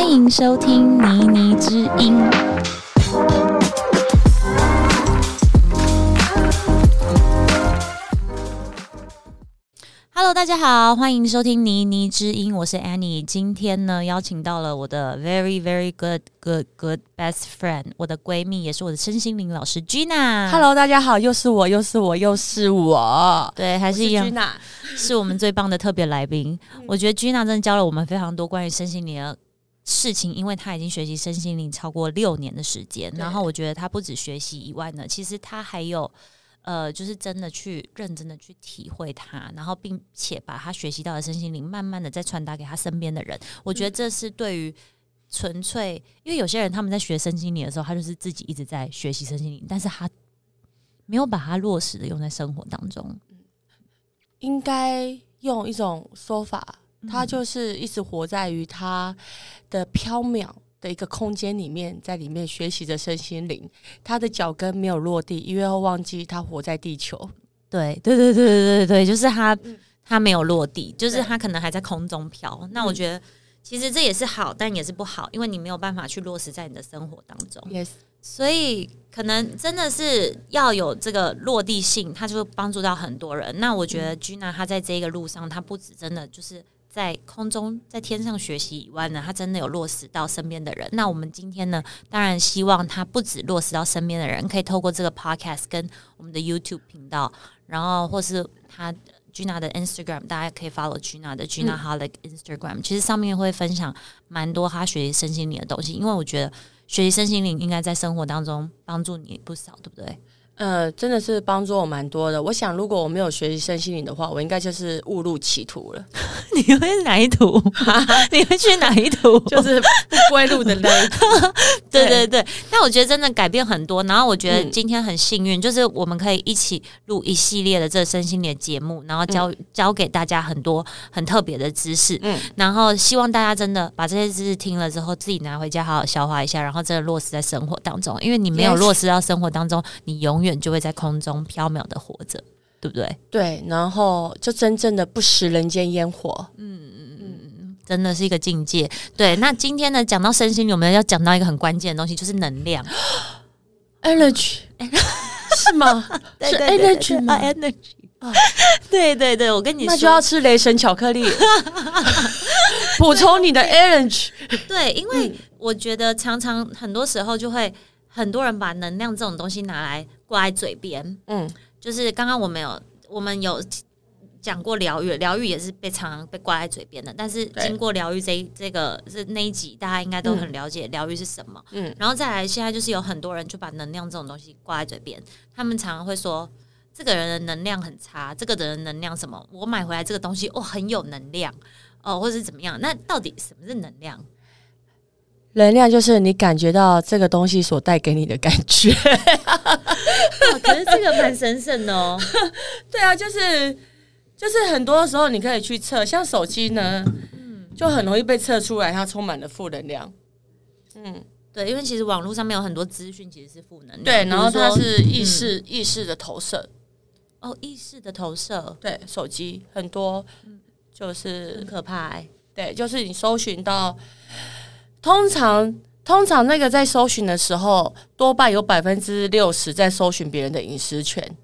歡迎收聽《妮妮之音》。Hello，大家好，歡迎收聽《妮妮之音》，我是 Annie。今天呢，邀請到了我的 Very Very Good Good Good Best Friend，我的閨蜜，也是我的身心靈老師 Gina。Hello，大家好，又是我，又是我，又是我。對，還是一樣，我是 Gina, 是我們最棒的特別來賓。 我覺得 Gina 真的教了我們非常多關於身心靈的事情，因為他已經學習身心靈超過六年的時間，對然後我覺得他不止學習以外呢，其實他還有，呃，就是真的去認真的去體會他，然後並且把他學習到的身心靈慢慢的再傳達給他身邊的人。嗯、我覺得這是對於純粹，因為有些人他們在學身心靈的時候，他就是自己一直在學習身心靈，但是他沒有把它落實的用在生活當中。應該用一種說法。他就是一直活在於他的飄渺的一個空間裡面，在裡面學習着身心靈，他的腳跟沒有落地，因為要忘記他活在地球。對對對對對對對，就是他、嗯、他沒有落地，就是他可能還在空中飄。對那我覺得其實這也是好，但也是不好，因為你沒有辦法去落實在你的生活當中。Yes，所以可能真的是要有這個落地性，他就幫助到很多人。那我覺得 Gina 他在這個路上，他不止真的就是。在空中、在天上學習以外呢，他真的有落實到身邊的人。那我們今天呢，當然希望他不只落實到身邊的人，可以透過這個 podcast 跟我們的 YouTube 頻道，然後或是他 Gina 的 Instagram，大家可以 follow Gina 的 Gina holic、嗯、Instagram。其實上面會分享蠻多他學習身心靈的東西，因為我覺得學習身心靈應該在生活當中幫助你不少，對不對？呃，真的是幫助我蠻多的。我想，如果我沒有學習身心靈的話，我應該就是誤入歧途了。你會哪一途？蛤你會去哪一途？就是歪路的那一途。 對對對。那對對我覺得真的改變很多。然後我覺得今天很幸運，嗯、就是我們可以一起錄一系列的這個身心靈節目，然後教教、嗯、給大家很多很特別的知識。嗯。然後希望大家真的把這些知識聽了之後，自己拿回家好好消化一下，然後真的落實在生活當中。因為你沒有落實到生活當中，Yes. 你永遠。就會在空中飄渺的活着對不對？對，然後就真正的不食人間煙火，嗯嗯嗯嗯嗯，嗯真的是一個境界。對，那今天呢，講到身心，我們要講到一個很關鍵的東西，就是能量，energy N 是嗎？是 energy 嗎、ah,？energy 對對對，我跟你說那就要吃雷神巧克力，補 充你的 energy。對， 對，因為我覺得常常很多時候就會很多人把能量這種東西拿來。掛在嘴邊，嗯，就是剛剛我們有我們有講過療癒，療癒也是被常常被掛在嘴邊的。但是經過療癒這這個是那一集，大家應該都很了解療癒是什麼？嗯，嗯，然後再來現在就是有很多人就把能量這種東西掛在嘴邊，他們常常會說，這個人的能量很差，這個人的能量什麼？我買回來這個東西，哦，很有能量，哦，或者是怎麼樣？那到底什麼是能量？能量就是你感覺到這個東西所帶給你的感覺。 哦、可是這個蠻神聖的、哦， 對啊，就是就是很多時候你可以去測，像手機呢，嗯，就很容易被測出來它充滿了負能量。嗯，對，因為其實網絡上面有很多資訊其實是負能量。對，然後它是意識意識的投射。哦，意識的投射，對，手機很多，嗯、就是很可怕、欸。對，就是你搜尋到，通常。通常那個在搜尋的時候，多半有百分之六十在搜尋別人的隱私權，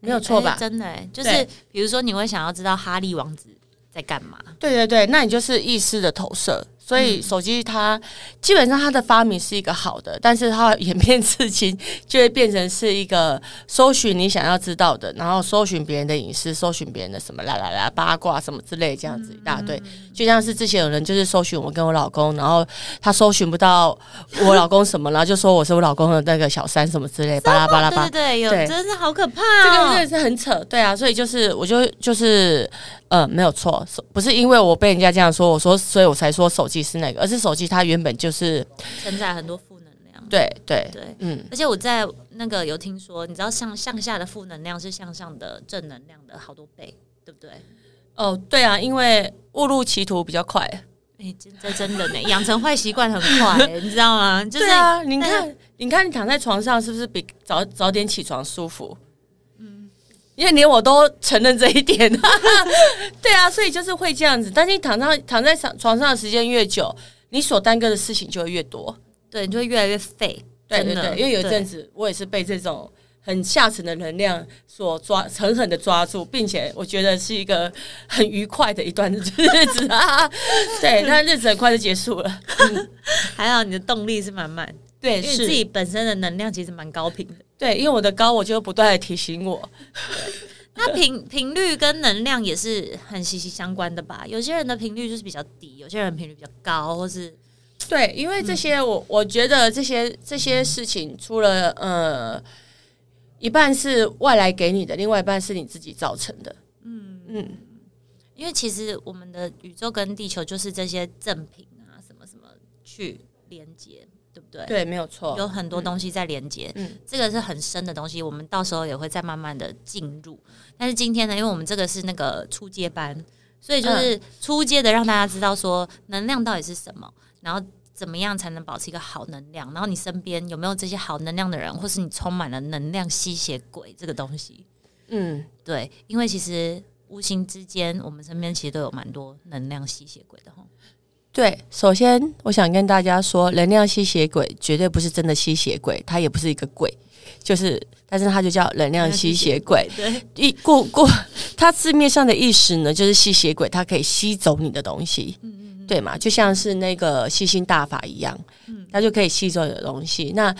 沒有錯吧、欸欸？真的、欸，就是對比如說，你會想要知道哈利王子在幹嘛？對對對，那你就是意識的投射。所以手機它基本上它的發明是一個好的，嗯、但是它演變至今就會變成是一個搜尋你想要知道的，然後搜尋別人的隱私，搜尋別人的什麼啦啦啦八卦什麼之類這樣子一大堆。就像是之前有人就是搜尋我跟我老公，然後他搜尋不到我老公什麼， 然後就說我是我老公的那個小三什麼之類，麼巴拉巴拉巴拉。對對，對有，有對真是好可怕，哦，這個真的是很扯。對啊，所以就是我就就是。嗯，沒有錯，手不是因為我被人家這樣說，我說，所以我才說手機是那個，而是手機它原本就是承載很多負能量。對對對，對對嗯。而且我在那個有聽說，你知道向向下的負能量是向上的正能量的好多倍，對不對？哦，對啊，因為誤入歧途比較快。哎、欸，這真的呢、欸，養成壞習慣很快、欸， 你知道嗎？就是啊，你看，啊、你看，你躺在床上是不是比早早點起床舒服？因為連我都承認這一點哈哈，對啊，所以就是會這樣子。但是你躺上躺在床上的時間越久，你所耽擱的事情就會越多，對，你就會越來越廢。對對對，因為有一陣子對我也是被這種很下沉的能量所抓，狠狠的抓住，並且我覺得是一個很愉快的一段的日子啊。 對，那日子很快就結束了。還好你的動力是滿滿。對，自己本身的能量其實蠻高頻的。對，因為我的高我就會不斷的提醒我。 那頻頻率跟能量也是很息息相關的吧？有些人的頻率就是比較低，有些人頻率比較高，或是對，因為這些、嗯、我我覺得這些這些事情，除了呃一半是外來給你的，另外一半是你自己造成的。嗯嗯，嗯因為其實我們的宇宙跟地球就是這些贈品啊，什麼什麼去連接。對不對？對，沒有錯，有很多東西在連接。嗯，這個是很深的東西，我們到時候也會再慢慢的進入。但是今天呢，因為我們這個是那個初階班，所以就是初階的，讓大家知道說能量到底是什麼，然後怎麼樣才能保持一個好能量，然後你身邊有沒有這些好能量的人，或是你充滿了能量吸血鬼這個東西？嗯，對，因為其實無形之間，我們身邊其實都有蠻多能量吸血鬼的哈。對，首先我想跟大家說，能量吸血鬼絕對不是真的吸血鬼，它也不是一個鬼，就是，但是它就叫能量吸血鬼。一過過，它字面上的意思呢，就是吸血鬼，它可以吸走你的東西，嗯嗯嗯對嘛？就像是那個吸星大法一樣，它就可以吸走你的東西。那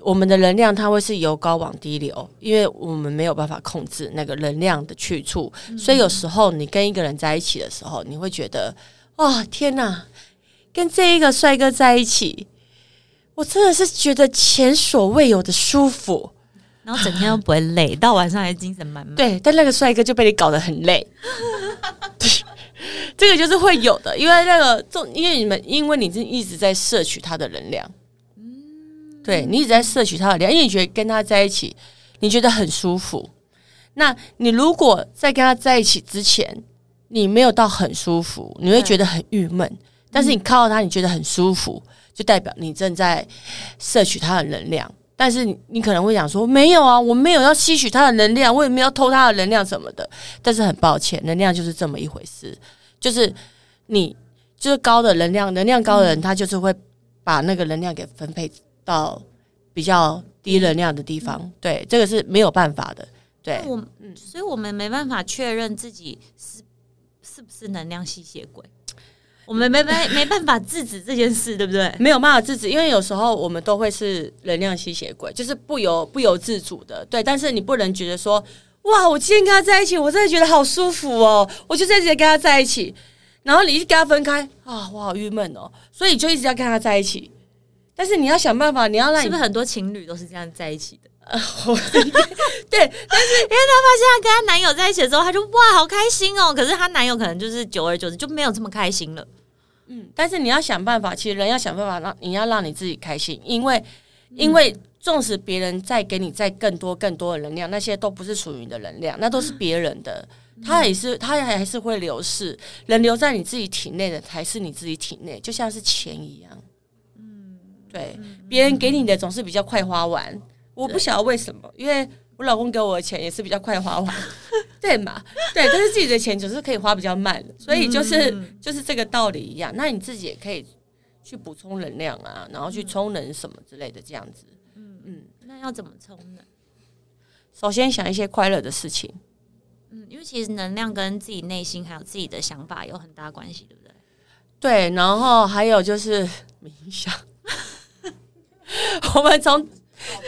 我們的能量，它會是由高往低流，因為我們沒有辦法控制那個能量的去處，所以有時候你跟一個人在一起的時候，你會覺得。哇、哦、天哪，跟這一個帥哥在一起，我真的是覺得前所未有的舒服，然後整天都不會累， 到晚上還是精神滿滿。對，但那個帥哥就被你搞得很累。 對，這個就是會有的，因為那個，因為你們，因為你是一直在攝取他的能量。嗯，對，你一直在攝取他的量，因為你覺得跟他在一起，你覺得很舒服。那你如果在跟他在一起之前，你沒有到很舒服，你會覺得很鬱悶。對但是你靠到他，你覺得很舒服，嗯、就代表你正在攝取他的能量。但是你可能會想說：“沒有啊，我沒有要吸取他的能量，我也沒有要偷他的能量什麼的。”但是很抱歉，能量就是這麼一回事，就是你就是高的能量，能量高的人，嗯、他就是會把那個能量給分配到比較低能量的地方。嗯、對，這個是沒有辦法的。對，所以我們沒辦法確認自己是。是不是能量吸血鬼？我們沒辦 沒辦法制止這件事，對不對？沒有辦法制止，因為有時候我們都會是能量吸血鬼，就是不由不由自主的。對，但是你不能覺得說，哇，我今天跟他在一起，我真的覺得好舒服哦，我就一直跟他在一起。然後你一直跟他分開，啊，我好鬱悶哦，所以就一直要跟他在一起。但是你要想辦法，你要讓你。是不是很多情侶都是這樣在一起的？好， 對， 但是因為她發現她跟她男友在一起的時候，她就哇，好開心哦。可是她男友可能就是久而久之就沒有這麼開心了。嗯，但是你要想辦法，其實人要想辦法讓你要讓你自己開心，因為因為縱使別人再給你再更多更多的能量，那些都不是屬於你的能量，那都是別人的，嗯，他也是他還是會流逝，人留在你自己體內的才是你自己體內，就像是錢一樣。嗯，對，別人給你的總是比較快花完。對我不曉得為什麼，因為我老公給我的錢也是比較快花完， 對嘛？對，但是自己的錢總是可以花比較慢的，所以就是、嗯、就是這個道理一樣。那你自己也可以去補充能量啊，然後去充能什麼之類的，這樣子。嗯嗯，嗯，那要怎麼充呢？首先想一些快樂的事情。嗯，因為其實能量跟自己內心還有自己的想法有很大關係，對不對？對，然後還有就是冥想。 我們從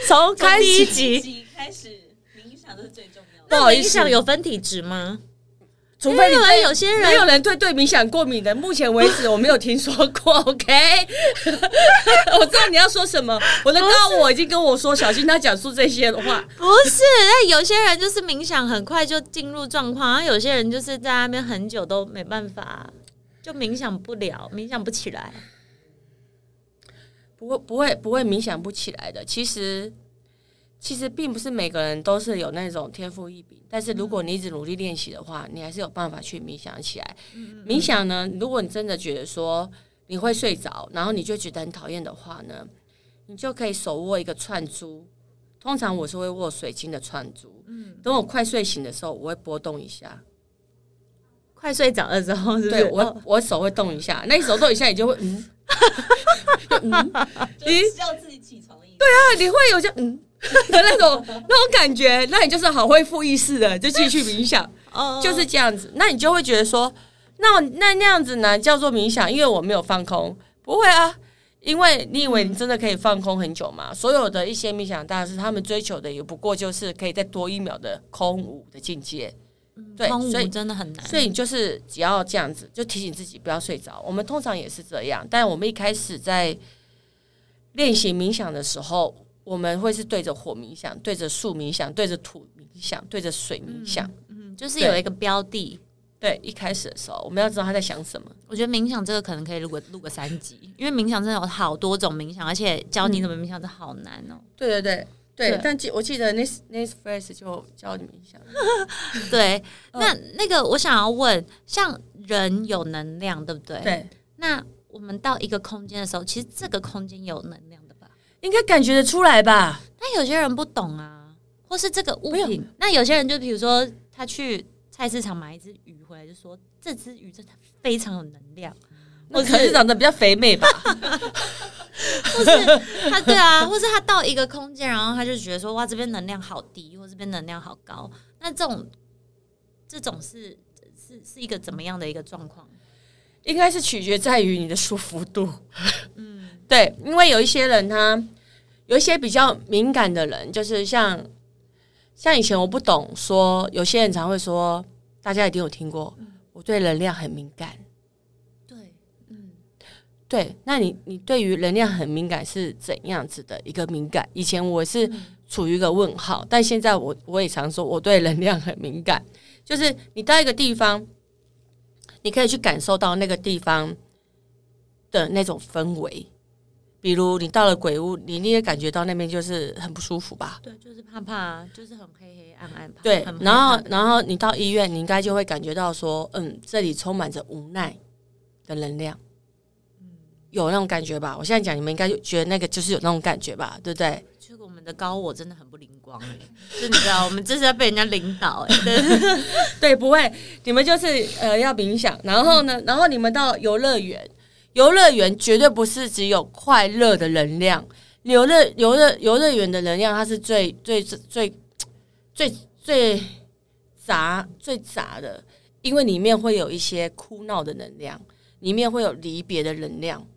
從開始一，集一集開始冥想，都是最重要的。不好意思，那冥想有分體質嗎？除非有人，有些人，沒有人對對冥想過敏的。目前為止我沒有聽說過。 OK， 我知道你要說什麼。 我能告訴我已經跟我說，是小心他講述這些的話。不是，那有些人就是冥想很快就進入狀況，然後有些人就是在那邊很久都沒辦法，就冥想不了，冥想不起來。不會，不會，不會冥想不起來的。其實，其實並不是每個人都是有那種天賦異稟，但是如果你一直努力練習的話，你還是有辦法去冥想起來。冥想呢，如果你真的覺得說你會睡着，然後你就覺得很討厭的話呢，你就可以手握一個串珠，通常我是會握水晶的串珠。等我快睡醒的時候，我會撥動一下。快睡着的時候，對我，我手會動一下。那你手動一下，你就會嗯。 嗯，你需要自己起床你，對啊，你會有這樣、嗯、 那種那種感覺， 那你就是好恢復意識的，就繼續冥想。 就是這樣子。那你就會覺得說，那那那樣子呢叫做冥想，因為我沒有放空，不會啊，因為你以為你真的可以放空很久嘛？所有的一些冥想大師，他們追求的也不過就是可以再多一秒的空無的境界。對，所以、嗯、真的很難。所以你就是只要這樣子，就提醒自己不要睡着。我們通常也是這樣，但我們一開始在練習冥想的時候，我們會是對着火冥想，對着樹冥想，對着土冥想，對着水冥想嗯。嗯，就是有一個標的對。對，一開始的時候，我們要知道他在想什麼。我覺得冥想這個可能可以錄個錄個三集，因為冥想真的有好多種冥想，而且教你怎麼冥想都的好難哦、嗯。對對對。對，但記我記得那那 fresh 就教你們一下是是。對，那那個我想要問，像人有能量，對不對？對。那我們到一個空間的時候，其實這個空間有能量的吧？應該感覺得出來吧？但有些人不懂啊，或是這個物品。有那有些人就比如說，他去菜市場買一隻魚回來，就說這隻魚真的非常有能量，我可能是長得比較肥美吧。 或是他對啊，或是他到一個空間，然後他就覺得說，哇，這邊能量好低，或這邊能量好高。那這種，這種是是是一個怎麼樣的一個狀況？應該是取決在於你的舒服度。 嗯，對，因為有一些人他有一些比較敏感的人，就是像像以前我不懂說，有些人常會說，大家一定有聽過，我對能量很敏感。對，那你你對於能量很敏感是怎樣子的一個敏感？以前我是處於一個問號，嗯，但現在我我也常說我對能量很敏感，就是你到一個地方，你可以去感受到那個地方的那種氛圍。比如你到了鬼屋，你你也感覺到那邊就是很不舒服吧？對，就是怕怕，就是很黑黑暗暗的。對，然後然後你到醫院，你應該就會感覺到說，嗯，這裡充滿着無奈的能量。有那種感覺吧，我現在講，你們應該就覺得那個就是有那種感覺吧，對不對？我們的高我真的很不靈光，是， 你知道我們這是要被人家領導誒， 對，不會，你們就是呃要冥想，然後呢，嗯、然後你們到遊樂園，遊樂園絕對不是只有快樂的能量，遊樂遊樂遊樂園的能量，它是最最最最最雜最雜的，因為裡面會有一些哭鬧的能量，裡面會有離別的能量。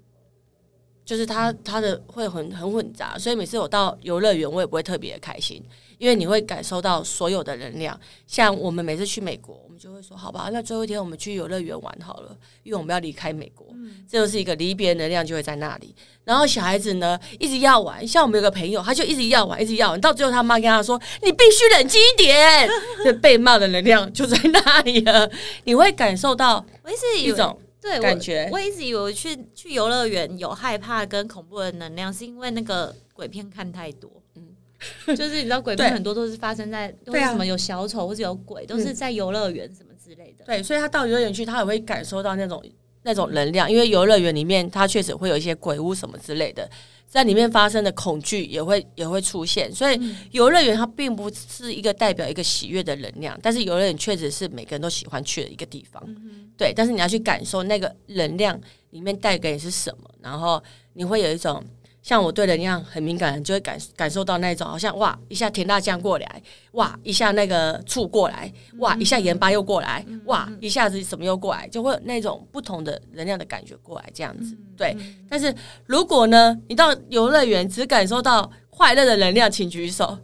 就是他他的會很很混雜，所以每次我到遊樂園，我也不會特別的開心，因為你會感受到所有的能量。像我們每次去美國，我們就會說：“好吧，那最後一天我們去遊樂園玩好了，因為我們要離開美國。”嗯，這就是一個離別能量就會在那裡。然後小孩子呢，一直要玩，像我們有個朋友，他就一直要玩，一直要玩，到最後他媽跟他說：“你必須冷靜一點。”這 被罵的能量就在那裡了，你會感受到，也是一種。對，我感覺我一直以為去去遊樂園有害怕跟恐怖的能量，是因為那個鬼片看太多。嗯， 就是你知道鬼片對 很多都是發生在為什麼有小丑或者有鬼，都是在遊樂園什麼之類的。嗯、對，所以他到遊樂園去，他也會感受到那種那種能量，因為遊樂園裡面他確實會有一些鬼屋什麼之類的，在裡面發生的恐懼也會也會出現，所以遊樂園它並不是一個代表一個喜悅的能量，但是遊樂園確實是每個人都喜歡去的一個地方，嗯哼。對。但是你要去感受那個能量裡面帶給你是什麼，然後你會有一種。像我對人一樣很敏感，就會感感受到那種，好像哇一下甜辣醬過來，哇一下那個醋過來，哇一下鹽巴又過來，嗯、哼哇一下子什麼又過來，就會有那種不同的能量的感覺過來這樣子，嗯、哼對。但是如果呢，你到遊樂園只感受到快樂的能量，請舉手。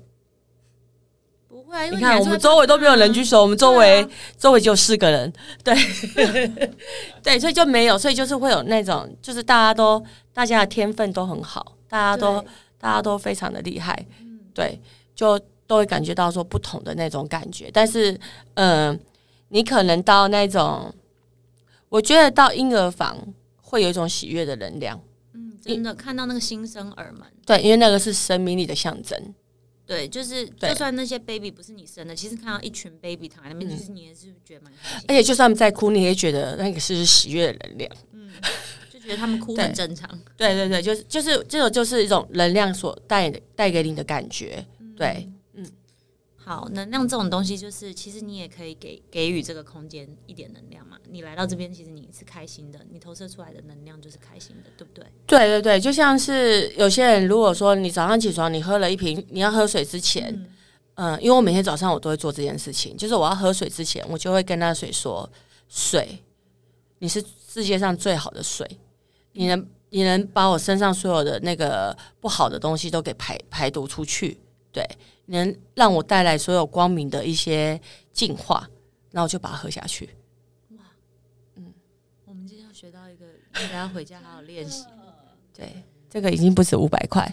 你看，我們周圍都沒有人舉手。我們周圍、嗯啊、周圍就四個人，對 對，所以就沒有，所以就是會有那種，就是大家都大家的天分都很好，大家都對大家都非常的厲害，對，就都會感覺到說不同的那種感覺。嗯、但是，嗯、呃，你可能到那種，我覺得到嬰兒房會有一種喜悅的能量，嗯，真的你看到那個新生兒們，對，因為那個是生命力的象徵。對，就是就算那些 baby 不是你生的，對其實看到一群 baby 躺在那邊，其實、嗯、你也是覺得蠻……而且就算他們在哭，你也覺得那個是喜悅的能量、嗯，就覺得他們哭很正常。對，對對對，就是就是這種就是一種能量所帶帶給你的感覺，嗯、對。好，能量這種東西就是，其實你也可以給給予這個空間一點能量嘛。你來到這邊，其實你是開心的，你投射出來的能量就是開心的，對不對？對對對，就像是有些人，如果說你早上起床，你喝了一瓶你要喝水之前，嗯、呃，因為我每天早上我都會做這件事情，就是我要喝水之前，我就會跟那水說：“水，你是世界上最好的水，你能你能把我身上所有的那個不好的東西都給排排毒出去。”對。能讓我帶來所有光明的一些進化，那我就把它喝下去。哇，嗯，我們今天要學到一個，大家回家好好練習。 對，這個已經不止五百塊。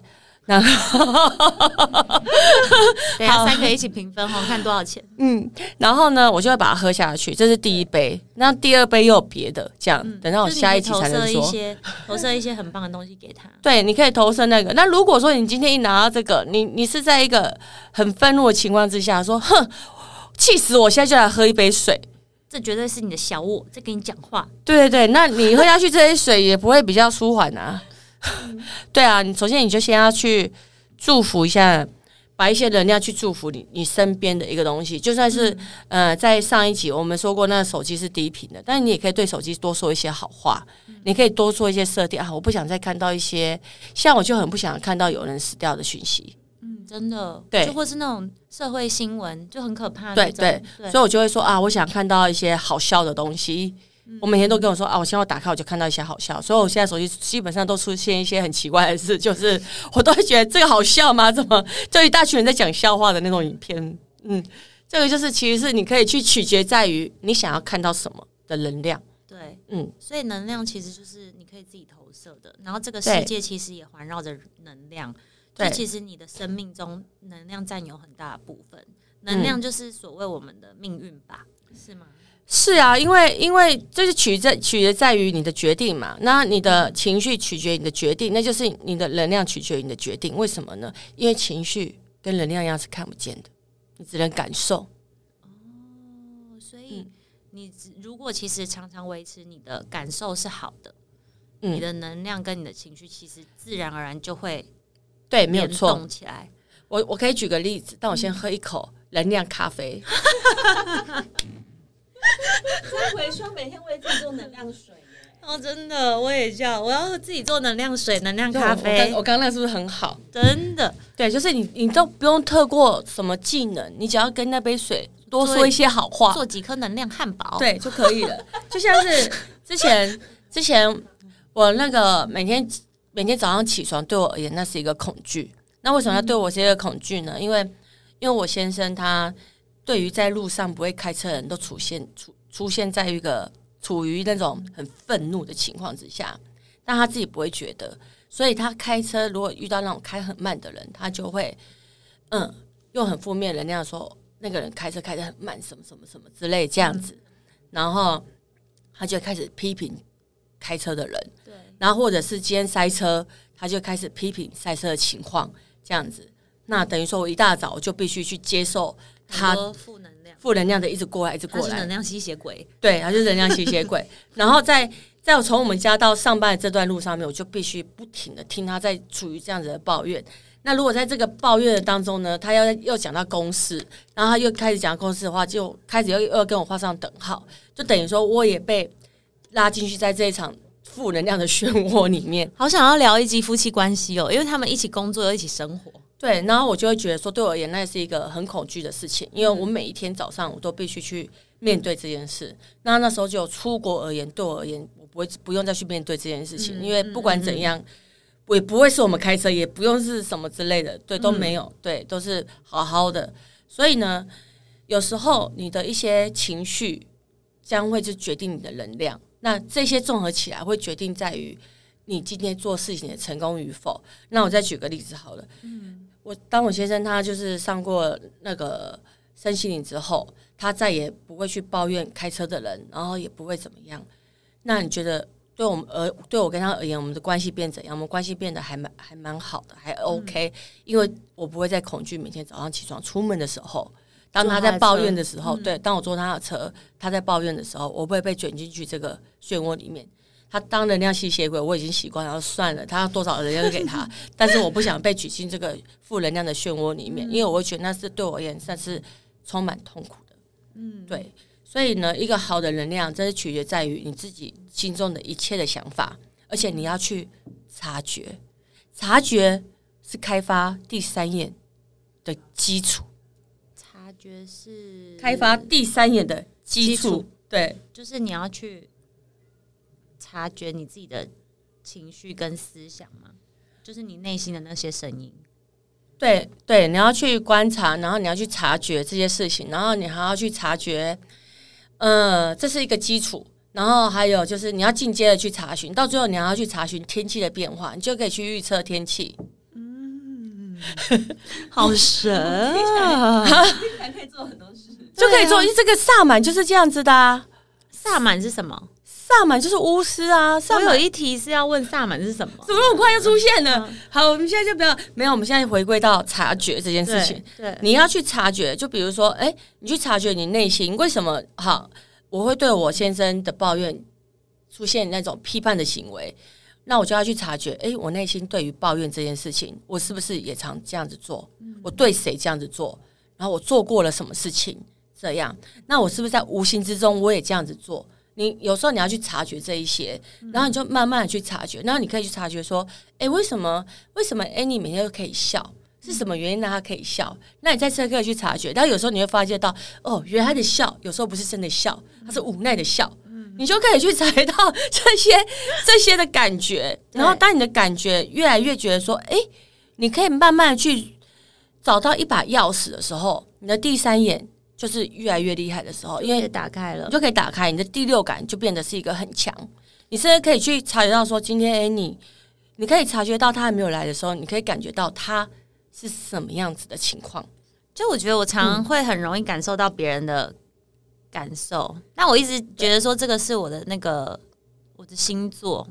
然後，對啊， 好三杯可以一起平分哈，好看多少錢？嗯，然後呢，我就會把它喝下去，這是第一杯。那對 第二杯又有別的，這樣，嗯，等到我下一期才能說。投射一些 投射一些很棒的東西給他。對，你可以投射那個。那如果說你今天一拿到這個，你你是在一個很憤怒的情況之下說，哼，氣死我，現在就來喝一杯水。這絕對是你的小我，在跟你講話。對對對，那你喝下去這些水也不會比較舒緩啊。 嗯、 對啊，你首先你就先要去祝福一下，把一些能量去祝福你你身邊的一個東西。就算是、嗯、呃，在上一集我們說過，那手機是低頻的，但是你也可以對手機多說一些好話，嗯、你可以多做一些設定啊，我不想再看到一些，像我就很不想看到有人死掉的訊息，嗯，真的，對，就或是那種社會新聞就很可怕對，對對，所以我就會說啊，我想看到一些好笑的東西。我每天都跟我說啊，我先要打開，我就看到一些好笑，所以我現在手機基本上都出現一些很奇怪的事，就是我都會覺得這個好笑嗎？怎麼就一大群人在講笑話的那種影片？嗯，這個就是其實是你可以去取決在於你想要看到什麼的能量。對，嗯，所以能量其實就是你可以自己投射的，然後這個世界其實也環繞着能量。對，其實你的生命中能量佔有很大的部分，能量就是所謂我們的命運吧？嗯，是嗎？是啊，因為因為這是取在取決在於你的決定嘛，那你的情緒取決於你的決定，那就是你的能量取決於你的決定。為什麼呢？因為情緒跟能量一樣，是看不見的，你只能感受。哦，所以、嗯、你如果其實常常維持你的感受是好的，嗯、你的能量跟你的情緒其實自然而然就會變動起來。對，沒有錯起來。我我可以舉個例子，但我先喝一口能量咖啡。嗯 再 回去，每天為自己做能量水耶，哦，真的，我也叫我要自己做能量水、能量咖啡。我剛剛那個是不是很好？真的，嗯、對，就是你，你都不用特過什麼技能，你只要跟那杯水多說一些好話，做幾顆能量漢堡，對，就可以了。 就像是 之前，之前我那個每天每天早上起床，對我而言那是一個恐懼。那為什麼要對我是一個恐懼呢？嗯、因為因為我先生他。對於在路上不會開車的人都出現出出現在一個處於那種很憤怒的情況之下，但他自己不會覺得，所以他開車如果遇到那種開很慢的人，他就會嗯，用很負面的那樣說那個人開車開得很慢，什麼什麼什麼之類這樣子，然後他就開始批評開車的人，對，然後或者是今天塞車，他就開始批評塞車的情況這樣子，那等於說我一大早就必須去接受。他負能量，負能量的一直過來，一直過來。就是能量吸血鬼，對，他就是能量吸血鬼。 然後在在我從我們家到上班的這段路上面，我就必須不停的聽他在處於這樣子的抱怨。那如果在這個抱怨的當中呢，他要又講到公司，然後他又開始講公司的話，就開始又又跟我畫上等號，就等於說我也被拉進去在這一場負能量的漩渦裡面。好想要聊一集夫妻關係哦，因為他們一起工作又一起生活。對，然後我就會覺得說，對我而言，那是一個很恐懼的事情，因為我每一天早上我都必須去面對這件事。嗯、那那時候就出國而言，對我而言，我不會不用再去面對這件事情，嗯嗯、因為不管怎樣，嗯、我也不會是我們開車，嗯、也不用是什麼之類的，對，都沒有，嗯、對，都是好好的。所以呢，有時候你的一些情緒將會就決定你的能量，那這些綜合起來會決定在於你今天做事情的成功與否。那我再舉個例子好了，嗯。我當我先生他就是上過那個三七嶺之後，他再也不會去抱怨開車的人，然後也不會怎麼樣。那你覺得對我們而對我跟他而言，我們的關係變怎樣？我們關係變得還蠻還蠻好的，還 OK、嗯。因為，我不會再恐懼每天早上起床出門的時候，當他在抱怨的時候，對，當我坐他的車，他在抱怨的時候，嗯、我不會被捲進去這個漩渦裡面。他當能量吸血鬼，我已經習慣了，算了。他要多少能量給他？ 但是我不想被捲進這個負能量的漩渦裡面，嗯、因為我會覺得那是對我而言算是充滿痛苦的。嗯，對。所以呢，一個好的能量，真是取決在於你自己心中的一切的想法，而且你要去察覺，察覺是開發第三眼的基礎。察覺是開發第三眼的基礎，基礎。對，就是你要去。察覺你自己的情緒跟思想嗎？就是你內心的那些聲音。對對，你要去觀察，然後你要去察覺這些事情，然後你還要去察覺，嗯、呃，這是一個基礎。然後還有就是你要進階的去查詢，到最後你還要去查詢天氣的變化，你就可以去預測天氣。嗯， 好神啊！ 你還，你還可以做很多事， 就可以做。這個薩滿就是這樣子的啊。薩滿是什麼？薩滿就是巫師啊！我有一題是要問薩滿是什麼？怎麼這麼快要出現了？好，我們現在就不要沒有，我們現在回歸到察覺這件事情。對，你要去察覺，就比如說，哎、欸，你去察覺你內心為什麼好？我會對我先生的抱怨出現那種批判的行為，那我就要去察覺，哎、欸，我內心對於抱怨這件事情，我是不是也常這樣子做？我對誰這樣子做？然後我做過了什麼事情？這樣，那我是不是在無形之中我也這樣子做？你有時候你要去察覺這一些，然後你就慢慢的去察覺，然後你可以去察覺說，誒，為什麼為什麼 Annie 每天都可以笑？是什麼原因讓他可以笑？那你在這可以去察覺，但有時候你會發覺到，哦，原來他的笑有時候不是真的笑，它是無奈的笑，你就可以去察覺到這些這些的感覺，然後當你的感覺越來越越覺得說，誒，你可以慢慢的去找到一把鑰匙的時候，你的第三眼，就是越來越厲害的時候，因為打開了，你就可以打開你的第六感，就變得是一個很強。你甚至可以去察覺到說，今天誒、欸，你，你可以察覺到他還沒有來的時候，你可以感覺到他是什麼樣子的情況。就我覺得，我常常會很容易感受到別人的感受。那、嗯、我一直覺得說，這個是我的那個對我的星座，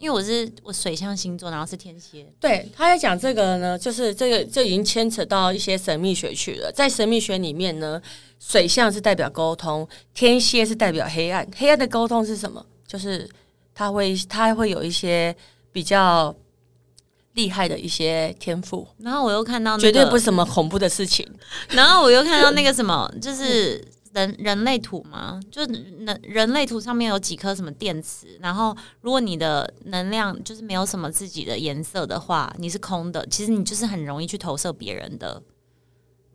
因為我是我水象星座，然後是天蠍。對，他在講這個呢，就是這個這已經牽扯到一些神秘學去了。在神秘學裡面呢，水象是代表溝通，天蠍是代表黑暗。黑暗的溝通是什麼？就是他會，他會有一些比較厲害的一些天賦。然後我又看到那個，絕對不是什麼恐怖的事情。然後我又看到那個什麼， 就是。嗯人人類圖嗎？就是人人類圖上面有幾顆什麼電池，然後如果你的能量就是沒有什麼自己的顏色的話，你是空的。其實你就是很容易去投射別人的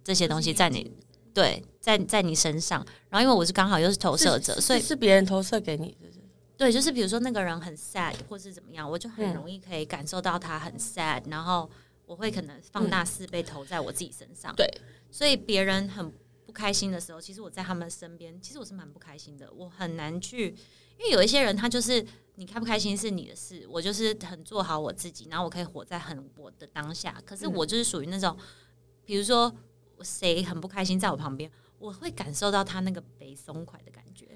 這些東西在你，對，在在你身上。然後因為我是剛好又是投射者，所以是別人投射給你。對，就是比如說那個人很 sad 或是怎麼樣，我就很容易可以感受到他很 sad，然後我會可能放大四倍投在我自己身上。嗯、對，所以別人很。開心的時候，其實我在他們身邊，其實我是蠻不開心的。我很難去，因為有一些人，他就是你開不開心是你的事，我就是很做好我自己，然後我可以活在很我的當下。可是我就是屬於那種，比如說誰很不開心，在我旁邊，我會感受到他那個被鬆快的感覺。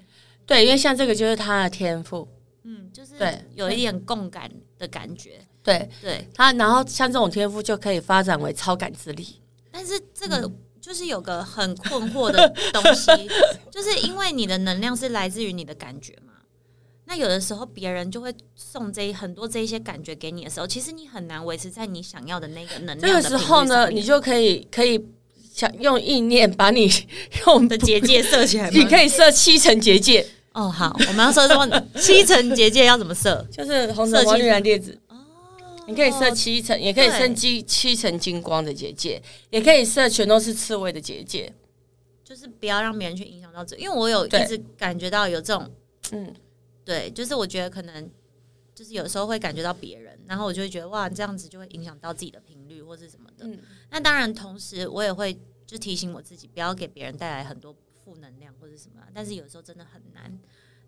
對，因為像這個就是他的天賦，嗯，就是對，有一點共感的感覺。對，對，對他，然後像這種天賦就可以發展為超感知力，嗯。但是這個。嗯就是有個很困惑的東西， 就是因為你的能量是來自於你的感覺嘛。那有的時候別人就會送這很多這一些感覺給你的時候，其實你很難維持在你想要的那個能量。這個時候呢，你就可以可以想用意念把你用我們的結界設起來。你可以設七層結界 哦。好，我們要說什麼？ 七層結界要怎麼設？就是紅色黃綠藍電子。你可以設七層，oh, 也可以設七、七層對金光的結界，對也可以設全都是刺蝟的結界，就是不要讓別人去影響到這。因為我有一直感覺到有這種，對嗯，對，就是我覺得可能就是有時候會感覺到別人，然後我就會覺得哇，這樣子就會影響到自己的頻率或是什麼的。嗯、那當然，同時我也會就提醒我自己，不要給別人帶來很多負能量或是什麼。但是有時候真的很難。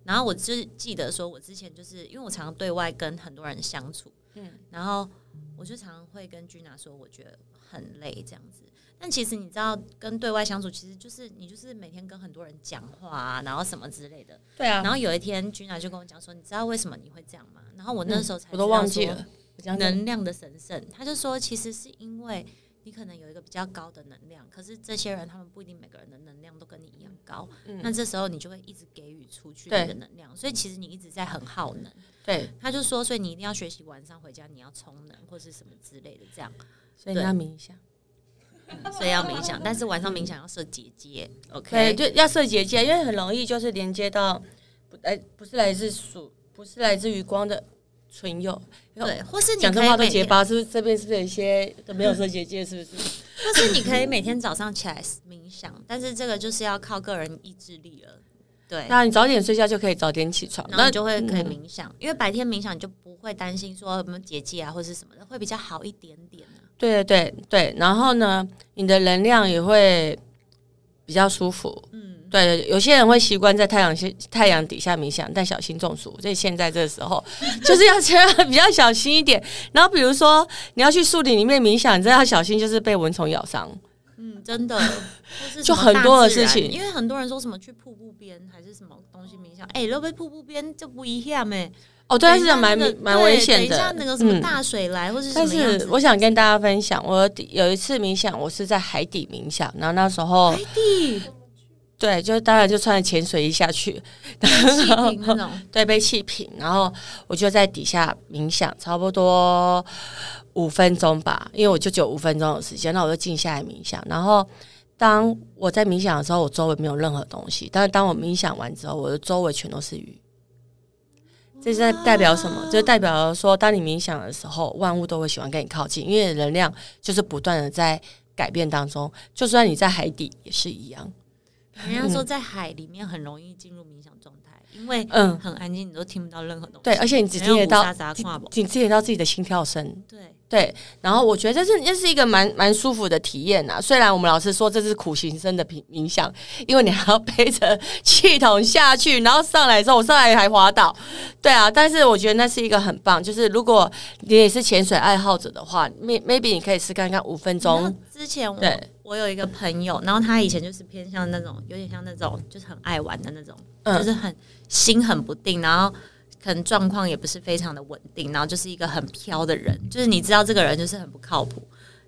然後我就記得說，我之前就是因為我常常對外跟很多人相處，嗯，然後我就常常會跟 Gina 說，我覺得很累這樣子。但其實你知道，跟對外相處其實就是你就是每天跟很多人講話啊，然後什麼之類的，對啊。然後有一天，Gina 就跟我講說：“你知道為什麼你會這樣嗎？”然後我那時候才我都忘記了能量的神聖，他就說其實是因為。你可能有一個比較高的能量，可是這些人他們不一定每個人的能量都跟你一樣高。嗯、那這時候你就會一直給予出去的能量，對所以其實你一直在很耗能。對，他就說，所以你一定要學習晚上回家你要充能或是什麼之類的，這樣。所以你要冥想對、 嗯。所以要冥想，但是晚上冥想要設結界，OK？對，就要設結界，因為很容易就是連接到不哎，不是來自屬，不是來自於光的。唇釉。對，或是你講真話都結巴，天是不是這邊是不是有一些、嗯、都沒有說結界，是不是？或是你可以每天早上起來冥想， 冥想，但是這個就是要靠個人意志力了。對，那你早點睡覺就可以早點起床，然後你就會可以冥想，嗯、因為白天冥想你就不會擔心說什麼結界啊或是什麼的，會比較好一點點呢、啊。對對對對，然後呢，你的能量也會比較舒服。嗯。對，有些人會習慣在太陽、太陽底下冥想，但小心中暑。所以現在這個時候，就是要比較小心一點，然後，比如說你要去樹林裡面冥想，你就要小心，就是被蚊蟲咬傷。嗯，真的，就很多的事情。因為很多人說什麼去瀑布邊還是什麼東西冥想，哎、欸，如果瀑布邊就不一樣哎、欸。哦，對、啊，是蠻蠻、那個、危險的。等一下，那個什麼大水來、嗯、或者但是我想跟大家分享，我有一次冥想，我是在海底冥想，然後那時候海底。對，就當然就穿了潛水衣下去，氣瓶那種，對，被氣瓶，然後我就在底下冥想，差不多五分鐘吧，因為我就只有五分鐘的時間，那我就靜下來冥想。然後當我在冥想的時候，我周圍沒有任何東西，但是當我冥想完之後，我的周圍全都是魚。哇這是代表什麼？就是、代表就說，當你冥想的時候，萬物都會喜歡跟你靠近，因為能量就是不斷的在改變當中，就算你在海底也是一樣。人家說在海裡面很容易進入冥想狀態，嗯、因為嗯很安靜，你都聽不到任何東西。對，而且你只聽得到，有只只聽到自己的心跳聲。對對，然後我覺得這是，這是一個蠻蠻舒服的體驗啊。雖然我們老師說這是苦行僧的冥冥想，因為你還要背着氣筒下去，然後上來之後我上來還滑倒。對啊，但是我覺得那是一個很棒，就是如果你也是潛水愛好者的話 may,，maybe 你可以試,試看看五分鐘之前我對。我有一個朋友，然後他以前就是偏向那種有點像那種就是很愛玩的那種，呃、就是很心很不定，然後可能狀況也不是非常的穩定，然後就是一個很飄的人，就是你知道這個人就是很不靠譜。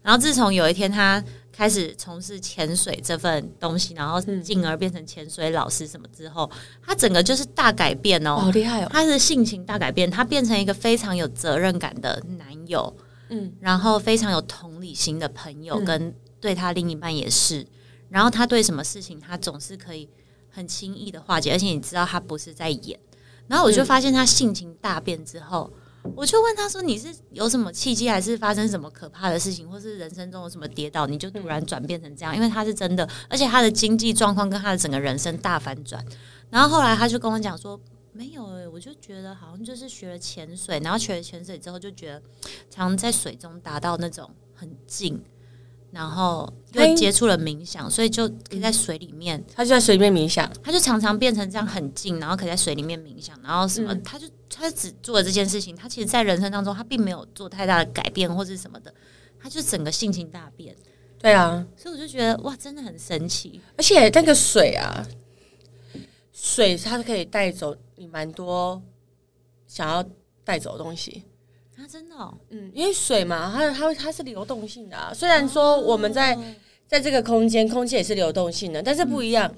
然後自從有一天他開始從事潛水這份東西，然後進而變成潛水老師什麼之後，他整個就是大改變哦，哦好厲害、哦！他的性情大改變，他變成一個非常有責任感的男友，嗯，然後非常有同理心的朋友、嗯、跟。對他另一半也是，然後他對什麼事情他總是可以很輕易的化解，而且你知道他不是在演。然後我就發現他性情大變之後，我就問他說：“你是有什麼契機，還是發生什麼可怕的事情，或是人生中有什麼跌倒，你就突然轉變成這樣？”因為他是真的，而且他的經濟狀況跟他的整個人生大反轉。然後後來他就跟我講說：“沒有欸，我就覺得好像就是學了潛水，然後學了潛水之後就覺得，常在水中達到那種很靜。”然後他接觸了冥想，所以就可以在水裡面。他就在水裡面冥想，他就常常變成這樣很靜，然後可以在水裡面冥想，然後什麼，嗯、他就他只做了這件事情，他其實，在人生當中，他並沒有做太大的改變或是什麼的，他就整個性情大變。對啊，所以我就覺得哇，真的很神奇。而且那個水啊，對水它可以帶走你蠻多想要帶走的東西。真的、哦，嗯，因為水嘛，它它它是流動性的、啊。雖然說我們在在這個空間，空氣也是流動性的，但是不一樣，嗯、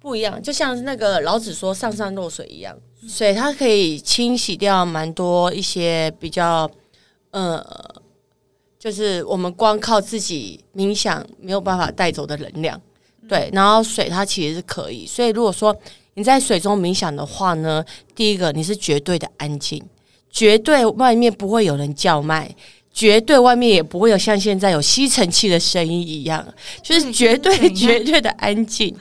不一樣。就像那個老子說“上善若水”一樣，水它可以清洗掉蠻多一些比較，呃，就是我們光靠自己冥想沒有辦法帶走的能量。嗯、對，然後水它其實是可以，所以如果說你在水中冥想的話呢，第一個你是絕對的安靜。絕對外面不會有人叫賣，絕對外面也不會有像現在有吸塵器的聲音一樣，就是絕對絕對的安靜。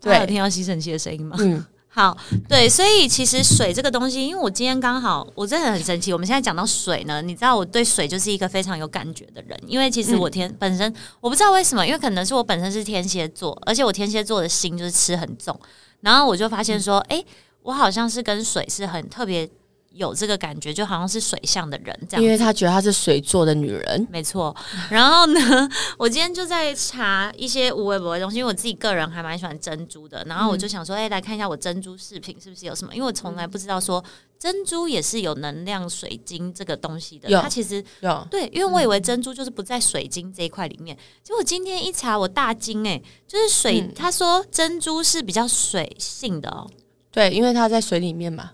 對，有聽到吸塵器的聲音嗎？嗯，好，對，所以其實水這個東西，因為我今天剛好，我真的很神奇。我們現在講到水呢，你知道我對水就是一個非常有感覺的人，因為其實我天、嗯、本身我不知道為什麼，因為可能是我本身是天蠍座，而且我天蠍座的心就是吃很重，然後我就發現說，哎、嗯欸，我好像是跟水是很特別。有這個感覺，就好像是水象的人這樣，因為他覺得他是水做的女人，沒錯。然後呢，我今天就在查一些無微博的東西，因為我自己個人還蠻喜歡珍珠的。然後我就想說，哎、嗯欸，來看一下我珍珠飾品是不是有什麼？因為我從來不知道說珍珠也是有能量水晶這個東西的。有它其實有對，因為我以為珍珠就是不在水晶這一塊裡面。結果今天一查，我大驚哎、欸，就是水，嗯、他說珍珠是比較水性的哦。對，因為它在水裡面嘛。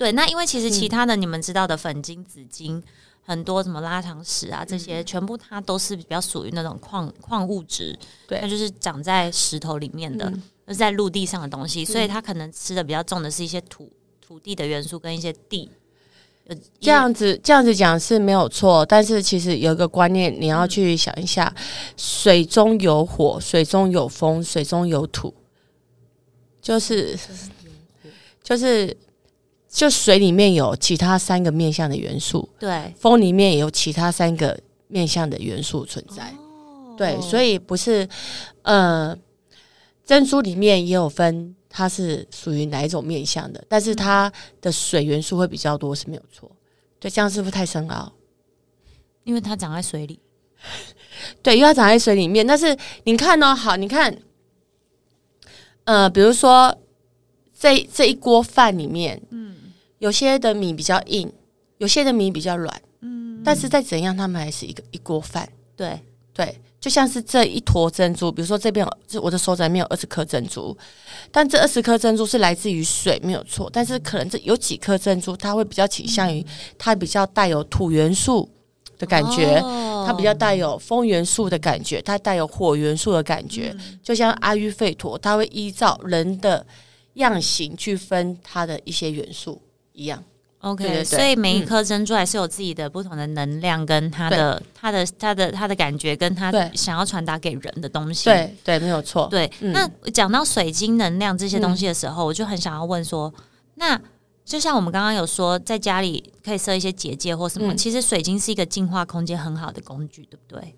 對，那因為其實其他的你們知道的粉晶、紫晶，嗯、很多什麼拉長石啊，這些全部它都是比較屬於那種礦礦物質，那對就是長在石頭裡面的，嗯、是在陸地上的東西，嗯、所以它可能吃的比較重的是一些土、土地的元素跟一些地。這樣子這樣子講是沒有錯，但是其實有一個觀念你要去想一下：嗯、水中有火，水中有風，水中有土，就是就是。就水裡面有其他三個面向的元素，對，風裡面也有其他三個面向的元素存在，哦、對，所以不是呃，珍珠裡面也有分，它是屬於哪一種面向的？但是它的水元素會比較多是沒有錯，對，這樣是不是太深奧？因為它長在水裡， 對，因為它長在水裡面。但是你看呢、喔？好，你看，呃，比如說這一這一鍋飯裡面，嗯。有些的米比較硬，有些的米比較軟，嗯，但是再怎樣，它們還是一個一鍋飯，對對，就像是這一坨珍珠，比如說這邊這我的手掌面有二十顆珍珠，但這二十顆珍珠是來自於水，沒有錯，但是可能這有幾顆珍珠，它會比較傾向於它比較帶有土元素的感覺，嗯、它比較帶有風元素的感覺，它帶有火元素的感覺，嗯、就像阿育吠陀，它會依照人的樣型去分它的一些元素。一樣，OK，對對對，所以每一顆珍珠還是有自己的不同的能量，跟它的、嗯、它的、它的、它的感覺，跟它想要傳達給人的東西。對，對，沒有錯。對，嗯、那講到水晶能量這些東西的時候，嗯、我就很想要問說，那就像我們剛剛有說在家裡可以設一些結界或什麼，嗯、其實水晶是一個淨化空間很好的工具，對不對？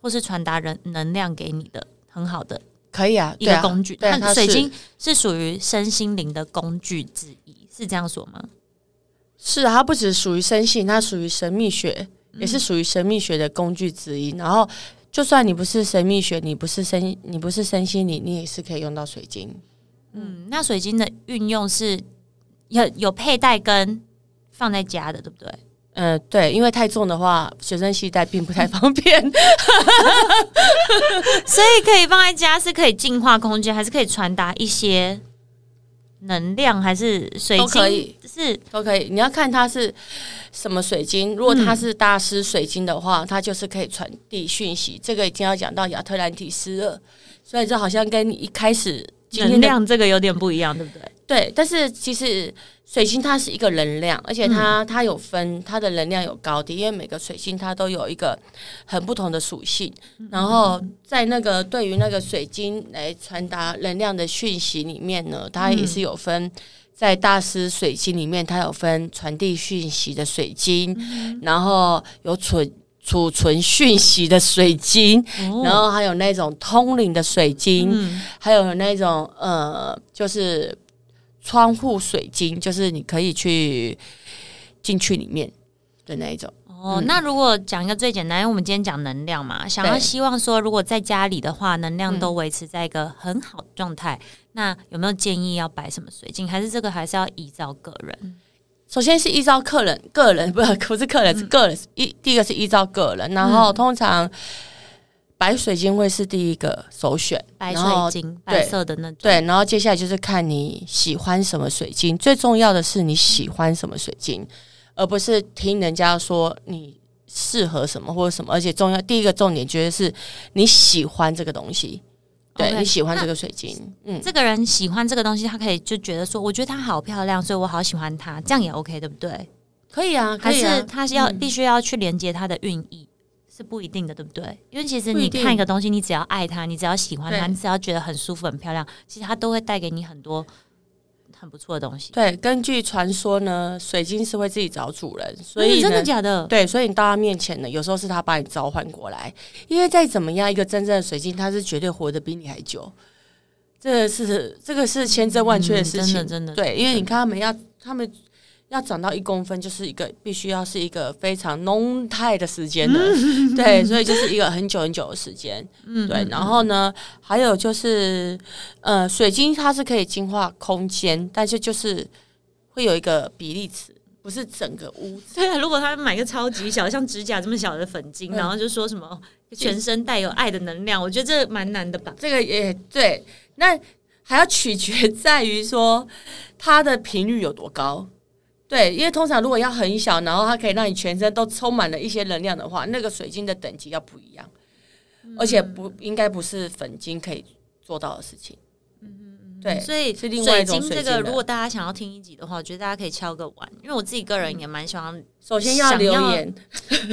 或是傳達人能量給你的很好的，可以啊，一個工具。但、啊啊啊啊、水晶是屬於身心靈的工具之一。是這樣說嗎？是啊，它不只屬於身心，它屬於神秘學，嗯、也是屬於神秘學的工具之一。然後，就算你不是神秘學，你不是生，你不是身心靈，你也是可以用到水晶。嗯，那水晶的運用是有有佩戴跟放在家的，對不對？嗯、呃，對，因為太重的話，水晶繫帶並不太方便， 所以可以放在家，是可以淨化空間，還是可以傳達一些。能量還是水晶，都可以，是，都可以。你要看它是什麼水晶。如果它是大師水晶的話，嗯，它就是可以傳遞訊息。這個已經要講到亞特蘭蒂斯了，所以這好像跟你一開始今天能量這個有點不一樣， 對不對？對，但是其實水晶它是一個能量，而且它、嗯、它有分，它的能量有高低，因為每個水晶它都有一個很不同的屬性。然後在那個對於那個水晶來傳達能量的訊息裡面呢，它也是有分、嗯、在大師水晶裡面，它有分傳遞訊息的水晶，嗯、然後有儲儲存，存訊息的水晶，哦、然後還有那種通靈的水晶，嗯、還有那種呃，就是。窗戶水晶就是你可以去進去裡面的那一種哦。嗯、那如果講一個最簡單，因為我們今天講能量嘛，想要希望說如果在家裡的話，能量都維持在一個很好的狀態，嗯、那有沒有建議要擺什麼水晶，還是這個還是要依照個人，嗯，首先是依照客人，個人不不是，客人，嗯、是個人是個人一第一個是依照個人，然後通常，嗯對白水晶會是第一個首選，白水晶，後對白色的那種。對，然後接下來就是看你喜歡什麼水晶，最重要的是你喜歡什麼水晶，嗯、而不是聽人家說你適合什麼或者什麼，而且重要第一個重點覺得是你喜歡這個東西，對 okay, 你喜歡這個水晶，那嗯，這個人喜歡這個東西，他可以就覺得說，我覺得它好漂亮，所以我好喜歡它，這樣也 OK，對不對？可以啊，可以啊，還是他是要、嗯、必須要去連接他的運意。是不一定的，對不對？因為其實你看一個東西，你只要愛它，你只要喜歡它，對你只要覺得很舒服、很漂亮，其實它都會帶給你很多很不錯的東西。對，根據傳說呢，水晶是會自己找主人，所以真的假的？對，所以你到他面前呢，有時候是他把你召喚過來。因為再怎麼樣，一個真正的水晶，它是絕對活得比你還久。這是，這個是千真萬確的事情，嗯、真的，真的對。因為你看他們要他們。要長到一公分，就是一個必須要是一個非常濃態的時間的，對，所以就是一個很久很久的時間，嗯， 對。然後呢，還有就是，呃，水晶它是可以淨化空間，但是就是會有一個比例尺，不是整個屋子。對啊，如果他買個超級小，像指甲這麼小的粉晶， 嗯、然後就說什麼全身帶有愛的能量，實我覺得這蠻難的吧？這個也對，那還要取決在於說它的頻率有多高。對，因為通常如果要很小，然後它可以讓你全身都充滿了一些能量的話，那個水晶的等級要不一樣，而且不應該不是粉晶可以做到的事情。嗯嗯嗯，對，所以水晶這個，如果大家想要聽一集的話，我覺得大家可以敲個碗，因為我自己個人也蠻喜歡。首先要留言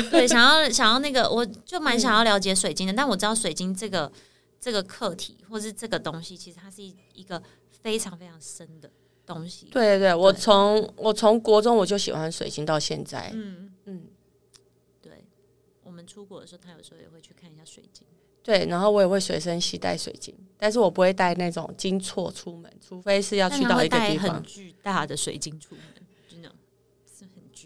要，對， 想要想要那個，我就蠻想要了解水晶的。但我知道水晶這個這個課題，或是這個東西，其實它是一一個非常非常深的。東西。對對對，我從對我從國中我就喜歡水晶，到現在，嗯嗯，嗯對，我們出國的時候，他有時候也會去看一下水晶。對，然後我也會隨身攜帶水晶，但是我不會帶那種晶簇出門，除非是要去到一個地方，會很巨大的水晶出門。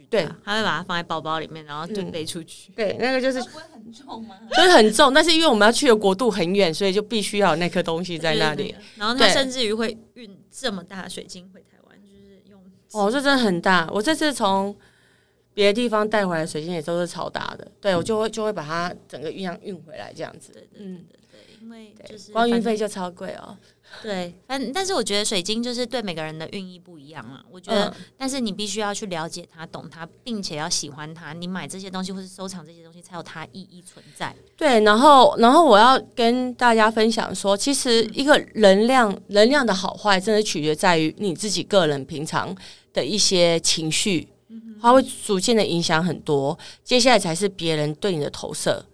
對、啊，他會把它放在包包裡面，然後準備出去、嗯。對，那個就是不會很重嗎？就是很重， 但是因為我們要去的國度很遠，所以就必須要有那顆東西在那裡。對對對，然後他甚至於會運這麼大的水晶回台灣，對就是用哦，這真的很大。我這次從別的地方帶回來的水晶也都是超大的，對、嗯、我就會就會把它整個運樣運回來這樣子，對對對對嗯。因為對就是光運費就超貴哦、喔，對，反但是我覺得水晶就是對每個人的寓意不一樣嘛、啊。我覺得，嗯、但是你必須要去了解它、懂它，並且要喜歡它，你買這些東西或是收藏這些東西才有它意義存在。對，然後然後我要跟大家分享說，其實一個能量能、嗯、量的好壞，真的取決在於你自己個人平常的一些情緒，嗯、哼它會逐漸的影響很多。接下來才是別人對你的投射。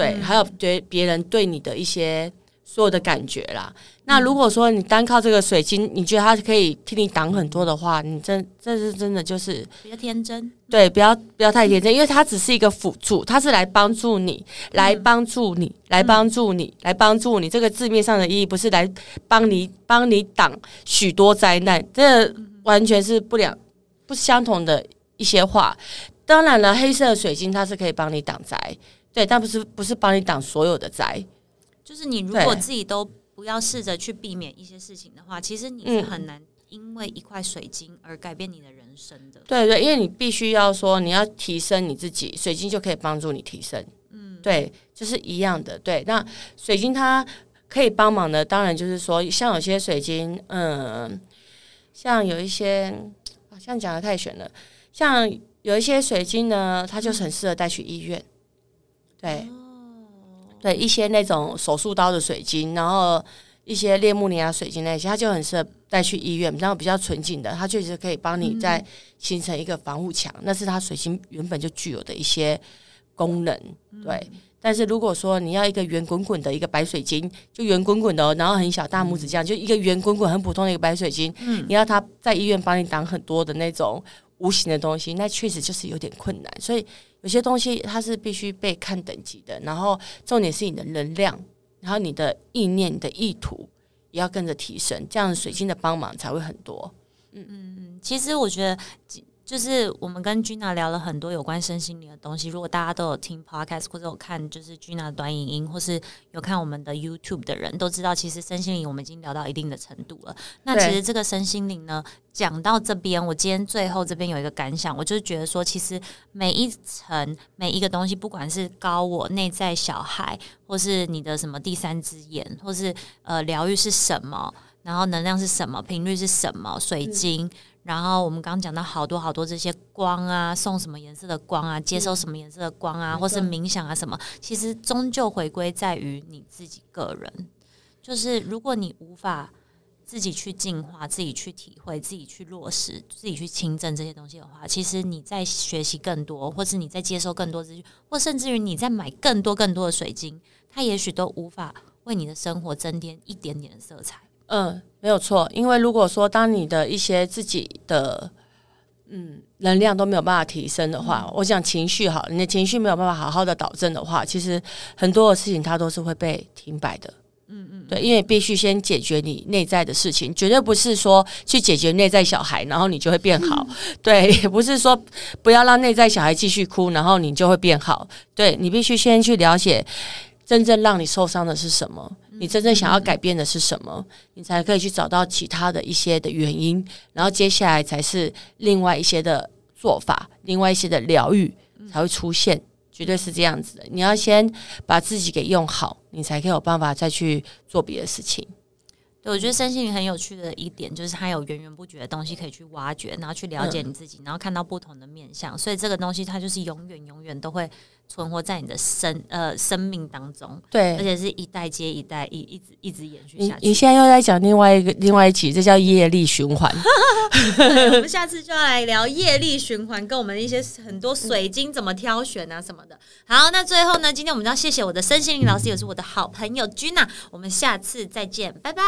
對，還有別別人對你的一些所有的感覺啦。那如果說你單靠這個水晶，你覺得它可以替你擋很多的話，你真這是真的就是比較天真。對，不要不要太天真，嗯、因為它只是一個輔助，它是來幫助你，來幫助你，來幫助你，來幫助你。這個字面上的意義不是來幫你幫你擋許多災難，這個、完全是不良不相同的一些話。當然了，黑色的水晶它是可以幫你擋災，對，但不是不是幫你擋所有的災，就是你如果自己都不要試着去避免一些事情的話，對其實你是很難因為一塊水晶而改變你的人生的。對，對對，因為你必須要說你要提升你自己，水晶就可以幫助你提升。嗯，對，就是一樣的。對，那水晶它可以幫忙的，當然就是說，像有些水晶，嗯，像有一些，好像講得太玄了，像有一些水晶呢，它就很適合帶去醫院。嗯對，oh. 對一些那種手術刀的水晶，然後一些列穆尼亞水晶那些，它就很適合帶去醫院，然後比較純淨的，它確實可以幫你再形成一個防護牆，嗯、那是它水晶原本就具有的一些功能。嗯、對，但是如果說你要一個圓滾滾的一個白水晶，就圓滾滾的、哦，然後很小，大拇指這樣，嗯、就一個圓滾滾很普通的一個白水晶，嗯、你要它在醫院幫你擋很多的那種無形的東西，那確實就是有點困難，所以。有些東西它是必須被看等級的，然後重點是你的能量，然後你的意念、你的意圖也要跟着提升，這樣水晶的幫忙才會很多。嗯嗯嗯，其實我覺得。就是我們跟 Gina 聊了很多有關身心靈的東西。如果大家都有聽 Podcast 或者有看，就是 Gina 的短影音，或是有看我們的 YouTube 的人，都知道其實身心靈我們已經聊到一定的程度了。那其實這個身心靈呢，講到這邊，我今天最後這邊有一個感想，我就是覺得說，其實每一層每一個東西，不管是高我、內在小孩，或是你的什麼第三隻眼，或是呃療癒是什麼，然後能量是什麼，頻率是什麼，水晶。嗯然後我們剛剛講到好多好多這些光啊，送什麼顏色的光啊，接收什麼顏色的光啊，嗯、或是冥想啊什麼，其實終究回歸在於你自己個人。就是如果你無法自己去進化，自己去體會，自己去落實，自己去親證這些東西的話，其實你在學習更多，或是你在接收更多資訊，或甚至於你在買更多更多的水晶，它也許都無法為你的生活增添一點點的色彩。嗯，沒有錯，因為如果說當你的一些自己的嗯能量都沒有辦法提升的話，嗯、我講情緒好，你的情緒沒有辦法好好的導正的話，其實很多的事情它都是會被停擺的。嗯,嗯嗯，對，因為必須先解決你內在的事情，絕對不是說去解決內在小孩，然後你就會變好。嗯、對，也不是說不要讓內在小孩繼續哭，然後你就會變好。對你必須先去了解。真正讓你受傷的是什麼？你真正想要改變的是什麼？嗯、你才可以去找到其他的一些的原因，然後接下來才是另外一些的做法，另外一些的療癒才會出現。嗯、絕對是這樣子的。你要先把自己給用好，你才可以有辦法再去做別的事情。對，我覺得身心靈很有趣的一點就是，它有源源不絕的東西可以去挖掘，然後去了解你自己，嗯、然後看到不同的面相。所以這個東西它就是永遠永遠都會。存活在你的生呃生命當中，對，而且是一代接一代一一直一直延續下去。你,你現在又在講另外一個另外一集，這叫業力循環。我們下次就要來聊業力循環，跟我們一些很多水晶怎麼挑選啊什麼的。好，那最後呢，今天我們要謝謝我的身心靈老師，嗯、也是我的好朋友 Gina。我們下次再見，拜拜。